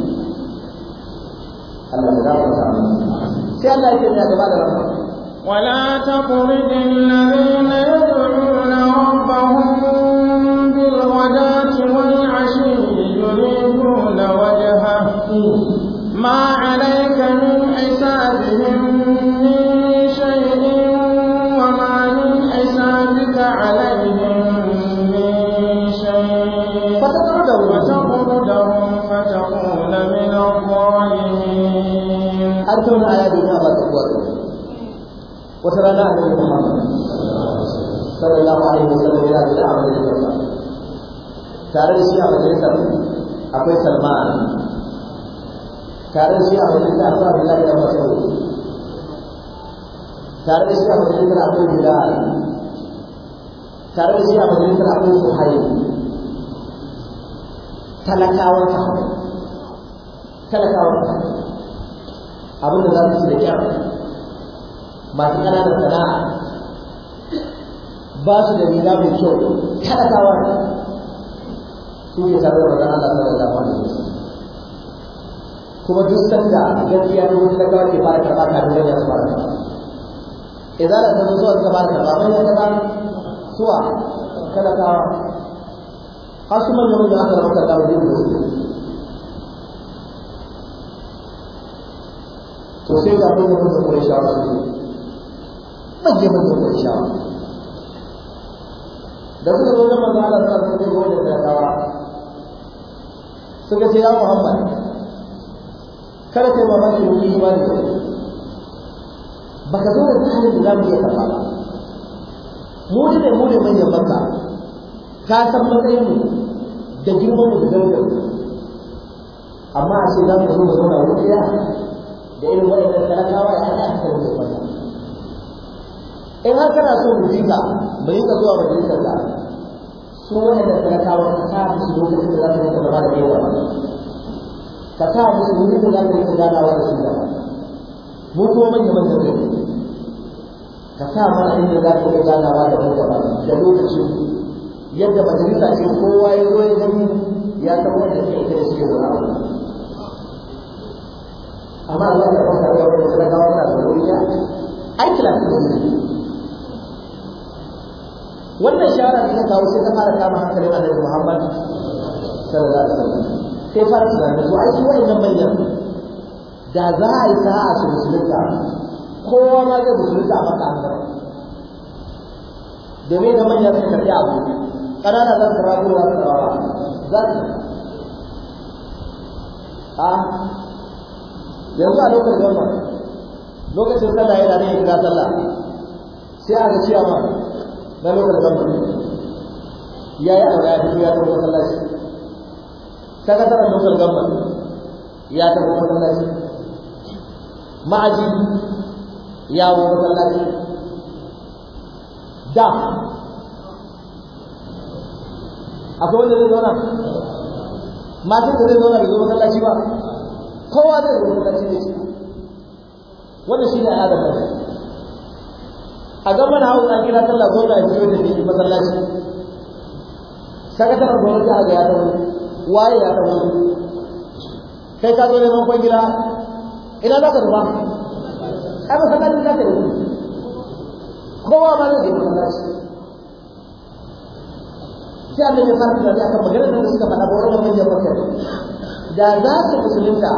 Allah ya ba ka Sai Allah yake ya gaba da rabba. kuri din na zina ya zuru na wamba hukun bil wada ci wani ashe yuri kuna waje hafi. Ma alaika min isa bihin an tauna aya domin a ba ka uwa wata rana a cikin Muhammad sallallahu alaihi wasallam yana da da'awar da ya tare da shi a majalisar akwai Salman tare da shi a majalisar akwai Abdullahi da tare da shi a majalisar akwai Bilal tare da shi a majalisar akwai Suhaib talakawa talakawa abinda za su ci da kyau masu kananan sana'a ba su da riga mai kyau kada kawar su ne sabon da Allah da alaihi su kuma duk sanda gaskiya ne wani talakawa ke fara karɓa kafin da su fara karɓa idan da zama zuwa suka fara karɓa bai da kaza suwa talakawa har su manyan manyan aka rabu da kawo da to sai ga manyan manyan ƙurashawa su ne manyan manyan ƙurashawa da suka zo na manzan Allah sa sun kai gode da kawa, suka ce ya Muhammad kada kai mamaki mu yi imani da Ba ka zo da tsarin da za mu iya karɓa ba mu ne mu ne manyan makka ka san matsayin mu da girman mu da darajar amma a ce za mu zo mu zauna wuri ɗaya da irin waɗannan talakawa da aka aka wuce mata in har kana so mu jika mu yi zuwa majalisar ka su waɗannan talakawa ka sa su lokacin da za su rinka zama da yawa ka sa musu wurin da za su rinka ganawa da su da mu kuma manyan manyan kai ka sa mana inda za su rinka ganawa da wanda ba da lokacin yadda majalisa ce kowa ya zo ya gani ya san wanda ke ita da suke zama amma Allah ya kuma karɓar da wasu daga wata da wuriya ai tunanin da zai wannan shawara da ta kawo sai ta fara kama hankalin Annabi Muhammad sallallahu alaihi wasallam sai fara tunanin su, ai su nan bayyana. da za a yi sa'a su musulunta kowa ma zai musulunta a maka an domin da manya suka karɓi abu ƙanana za su karɓa kowa su karɓa za su a yanzu a lokacin yamma lokacin sallah yana ne kira sallah sai aka ce ma na lokacin yamma ya yi aure a fito ya tafi masallaci kaga tana musul gama ya tafi masallaci ma'aji ya wo masallaci da akwai wanda zai zauna matan da zai zauna bai zo masallaci ba kowa zai zo masallaci zai shiga wannan shine al'adar nan a zaman hausa an kira sallah gwamna ya fito da shi masallaci sakataren gwamnati a ga ya tawo waye ya tawo kai ka zo neman kwangila ina za ka rufa ai masallaci za ka yi kowa ma zai zo masallaci sai annabi ya fara tunani akan maganar da suka faɗa ba wani wani ya farka da za su musulunta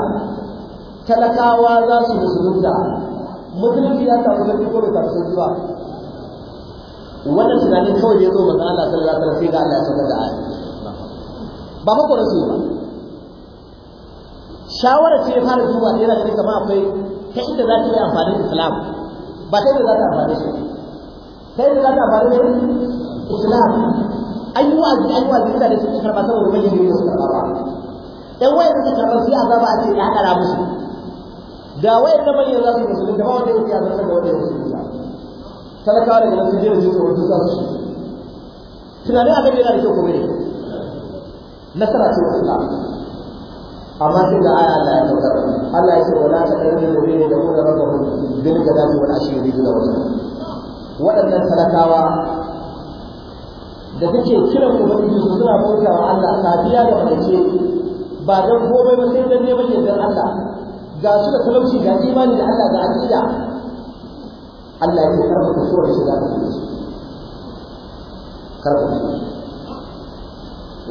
talakawa za su musulunta musulunci ya samu zafi ko da samu zuwa wannan tunani kawai ya zo manzon Allah sallallahu alaihi wasallam sai ga Allah ya saukar da aya ba fa ko rasu ba shawara ce fara duba da yana cikin kamar akwai ta inda za ta yi amfani da islam ba ta inda za ta amfani shi ta inda za ta amfani da islam an yi wa'azi an yi da su karɓa saboda manyan da su karɓa ba ɗan wayar da karɓar sai azaba a ce ya haɗa musu da wayar da bayyana za su yi musulun da ba wanda ya wuce azaba da wanda ya wuce musulun talakawa da nan sun jira jin tsoron za su shi tunanin abin da yana da kyau kuma ne nasara ce wa Allah amma sai da aya Allah ya saukar Allah ya ce wala ta ne, da wani da kuma rabbahum bil gadati wal ashi yuridu wajha waɗannan talakawa da kake kiran ubangiji su suna bauta wa Allah safiya da ce. ba dan komai ba sai dan neman yardar Allah ga su da talauci ga imani da Allah ga aqida Allah ya karba ku so shi da ku da ku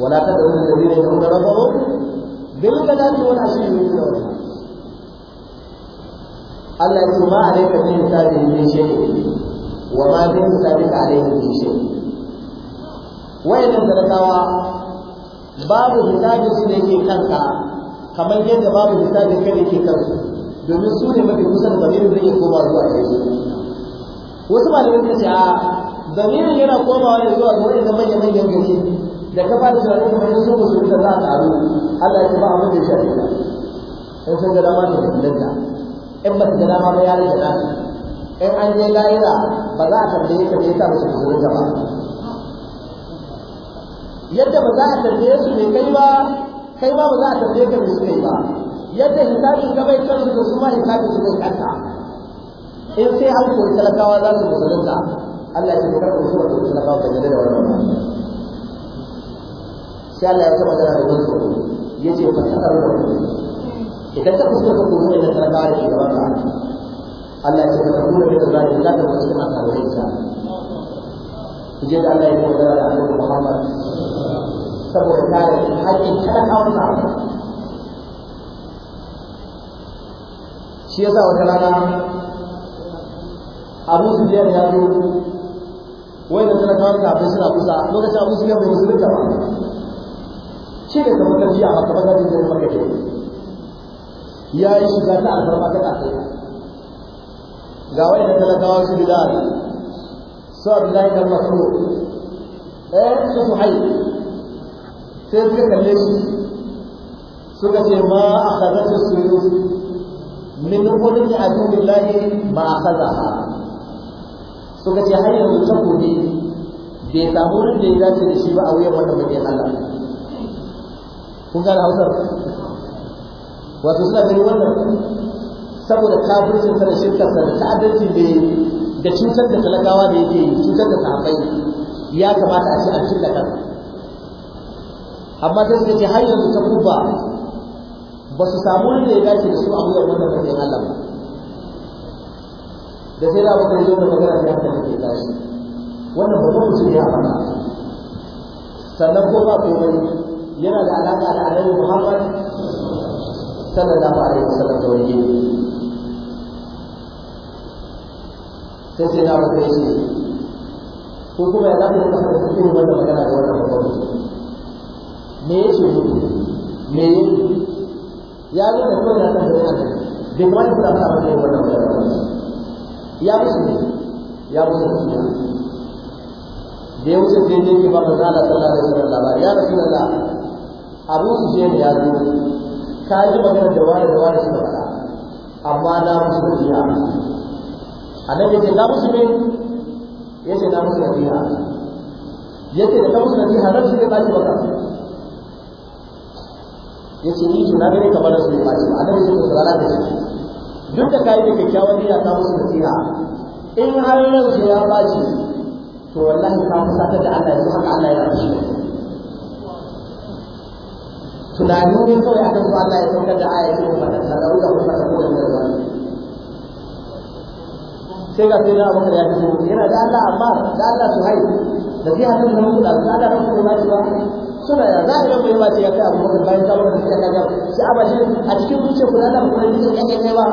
wala tad'u da yad'una rabbahum bil ghadati wal ashiyi yud'una Allah ya kuma alaika bin hisabi min shay'in wa ma bin hisabika alaihim min shay'in da kawa? babu hisabin su ne ke kanka kamar yadda babu hisabin kai ne ke kansu domin su ne mafi kusa da zamirin da yake koma zuwa gare wasu malamai suka ce a zamirin yana komawa ne zuwa ga wani manyan manyan gari da ka fara tunanin kamar yin sun musulmi za a taru Allah ya ce ba abin da ya shafe ka in sun ga dama ne musulunta in ba su ga dama ba ya rage nasu in an je lahira ba za a tambaye ka me yasa ba su musulunta ba yadda ba za a tambaye su mai kai ba kai ba ba za a tambaye ka mai kai ba yadda hisabin ka bai kansu da su ma hisabin su bai kanta in sai an kori talakawa za su musulunta Allah ya karɓa su kuma talakawa kan yadda da wannan ba sai Allah ya taɓa gana da kansu ya ce ba ta idan ka fuskar ka kuma da talakawa da shugaban ka Allah ya ce ka kuma da zalimi za ka suna ka da isa. Kuje da Allah ya taɓa da Annabi Muhammad saboda kare haƙƙin talakawa shi yasa wata rana abu su biyar ya zo wai da talakawan kafin suna kusa lokacin abu su biyar bai musulunta ba shi ne kamar jiya a kamar da zai zama kai ya yi shiga ta alfarma ta kafin ga wai da talakawa su bidar su ya dan masu eh su su hayi sai suka kalle shi suka ce ma a kazata suyu min wani adubillahi ba a kazaha suka ce har yanzu takobi bai samu wurin da ya dace da shi ba a wuyan wata mai hala. kun gane hausar wato suna gani wannan saboda kafircin sa shirka shirkar sa da ta'addanci da da cutar da talakawa da yake yi cutar da sahabbai ya kamata a ce an cilla kansa amma sai suka ce har yanzu ta kufa ba su samu wanda ya dace da su a wuyan wannan bakin Allah ba da sai da baka zo da magana da haka take tashi wannan ba zan ne ya faɗa sannan ko ba komai yana da alaƙa da Annabi Muhammad sallallahu alaihi wasallam da wani sai sai da baka ce ko kuma ya zaka yi suke yi wannan magana da wannan ba me ya ce muku me ya ya zo da kuma na kan da yana da kuma da ta fara da ya wannan wani ya musu ne ya musu ne da ya wuce sai ne ke ba mu zala sallallahu alaihi wasallam labari ya rasu rasulullah abu su je ne ya zo ka yi magana da wani da wani suka faɗa amma na musu da jiya annabi ya ce na musu ne ya ce na musu da jiya ya ce da na musu da jiya na su ne ba ji yace ni to na gani kamar da su ne mace annabi sallallahu alaihi wasallam ya ce duk da kai da kyakkyawan niyya ta musu nasiha in har nan su ya baci to wallahi ka sata da Allah yanzu haka Allah ya yana fushi tunani ne kawai aka su Allah ya saukar da aya ko fata sanau da kuma ta koyar da wani sai ga sai na abu ya fito yana da Allah amma da Allah su haihu, da zai hadu da mutu da Allah da mutum ba suna ya za a yi kuma ce ya kai abubakar bayan sabon da suka kaga sha'aba shi a bashi a cikin zuciya kuna nan kuma ni sun kake kai ba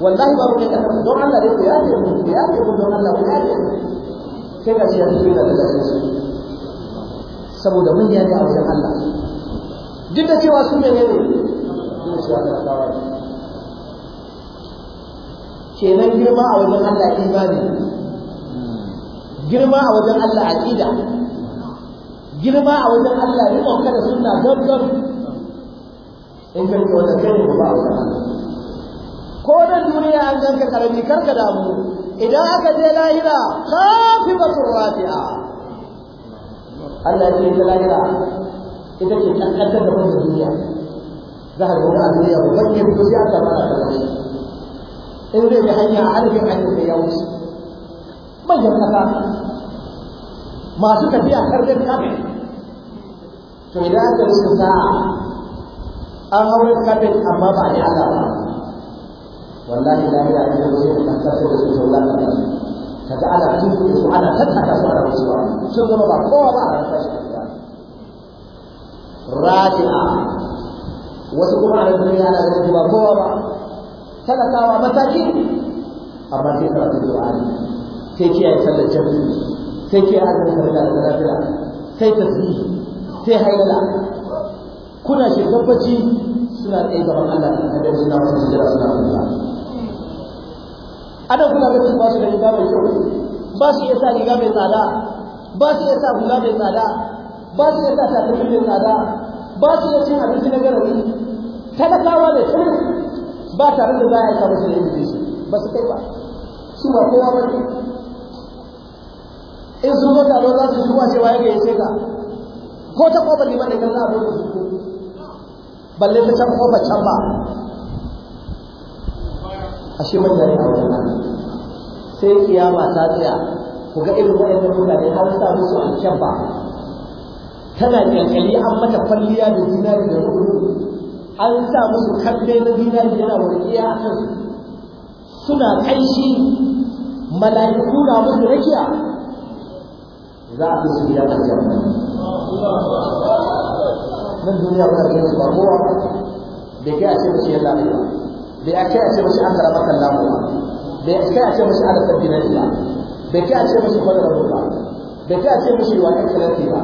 wallahi ba kuma kasa don Allah dai ku ya ce mu ya ce mu don Allah ku ya ce sai ga shi ya fito da lalace su saboda mun ya ne a wajen Allah duk da cewa su ne ne kenan girma a wajen Allah imani girma a wajen Allah aqida girma a wajen Allah ya ɗauka da suna gaggar in ka ce wata kai ba a wajen ko da duniya an ganka karami karka damu idan aka je lahira kafi batun rafi'a Allah ya ce ta lahira ita ce kankantar da wanda duniya za a gona a duniya ko kan yi fito sai an kama da kalmai in zai bi hanya a harfin hanyar da ya wuce manyan kasa masu tafiya da kafin to idan aka yi sa an haure kafin amma ba a yi ba wallahi la ila ila zai da kasar da su zaula da Ka kaga ana tuku su ana tattaka da ana ba. sun zama ba kowa ba a rasa raji'a wasu kuma a duniya ana ganin ba kowa ba talakawa mataki amma sai karatu Qur'ani sai kiyaye sallar jami'i sai ke azumin farilla da lafiya, sai tasbihi sai hailala kuna shirkan bacci suna tsaye gaban Allah da annabi suna wasu sujjada suna farilla ana kula da su ba su da riga mai kyau ba su iya sa riga mai tsada ba su iya sa hula mai tsada ba su iya sa takalmi mai tsada ba su iya cin abinci na garari talakawa da su ba tare da za a yi sa musu su, ba su kai ba su ba kowa ba ne in sun zo taro za su shi kuma cewa ya gayyace ka ko ta kofar liman da kan za da su ka balle ta can kofar can ba ashe manya ne a wajen sai kiyama ta tsaya ku ga irin kuka mutane har sa musu ba. tana kankali an mata kwalliya da zinari da rubutu an sa musu kalle na zinari yana walƙiya a kan suna ƙanshi mala'iku na musu rakiya za a fi su gidan nan duniya kuna ganin barbuwa bai kai a ce mace yalla bai kai a an karama kan lamu kai a ce mace ana sabbi na bai kai a rabu ba bai kai a ce mace yi wakan ba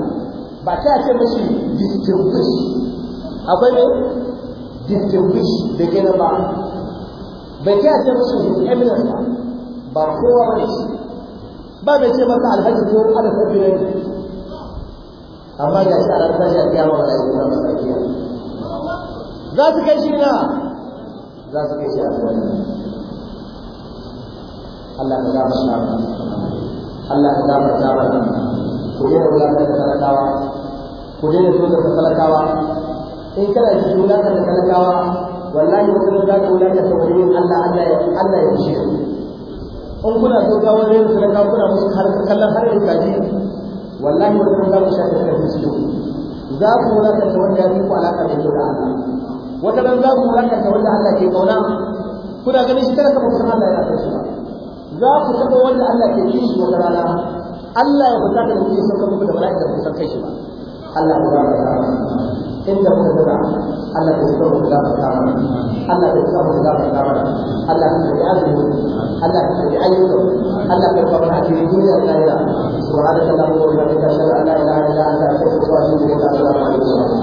ba kai a ce mace akwai ne distinguish bai kai na ba bai kai a ce eminence ba ba kowa ba ba mai ce masa alhaji wani ana sabbi ne amma ga shi a ran tashi a kiyama ba yi kuma masa kiya za su kai shi na za su kai shi a zuwa Allah ka gama shi Allah ka gama ta mana ku da wulatar da talakawa ku da tozar da talakawa in kana shi wulatar da talakawa wallahi wasu da za ka wulatar da wani Allah Allah ya Allah ya in kuna gaggawa ne da sadaka kuna musu har kallon har da kaji wallahi wani za ku shafe da su za ku wulakanta wanda ya fi ku alaka da kyau da Allah wata ran za ku wulakanta wanda Allah ke kauna kuna ganin shi kada ka ba san Allah ya kai shi za ku taba wanda Allah ke kishi wata rana Allah ya bukata da kuke sauka muku da bala'i da kusan kai shi ba Allah ya bukata inda muka tsira Allah ya tsira mu da ta mana Allah ya tsira mu da ta mana Allah ya tsira mu Allah ya tsira ayyuka Allah ya tsira mana cikin duniya da lahira subhanaka allahumma wa bihamdika ashhadu an la ilaha illa anta astaghfiruka wa atubu ilaik assalamu alaikum